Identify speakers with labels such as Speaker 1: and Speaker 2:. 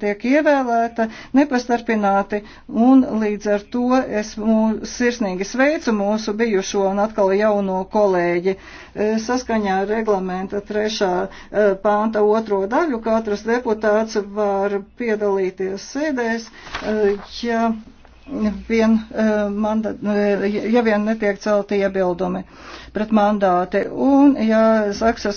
Speaker 1: tiek ievēlēta nepastarpināti, un līdz ar to es mūs, sirsnīgi sveicu mūsu bijušo un atkal jauno kolēģi. E, saskaņā ar reglamenta trešā e, pānta otro daļu katrs deputāts var piedalīties sēdēs, e, ja vien, mandat, ja vien netiek celti iebildumi pret mandāti. Un, ja
Speaker 2: Saksas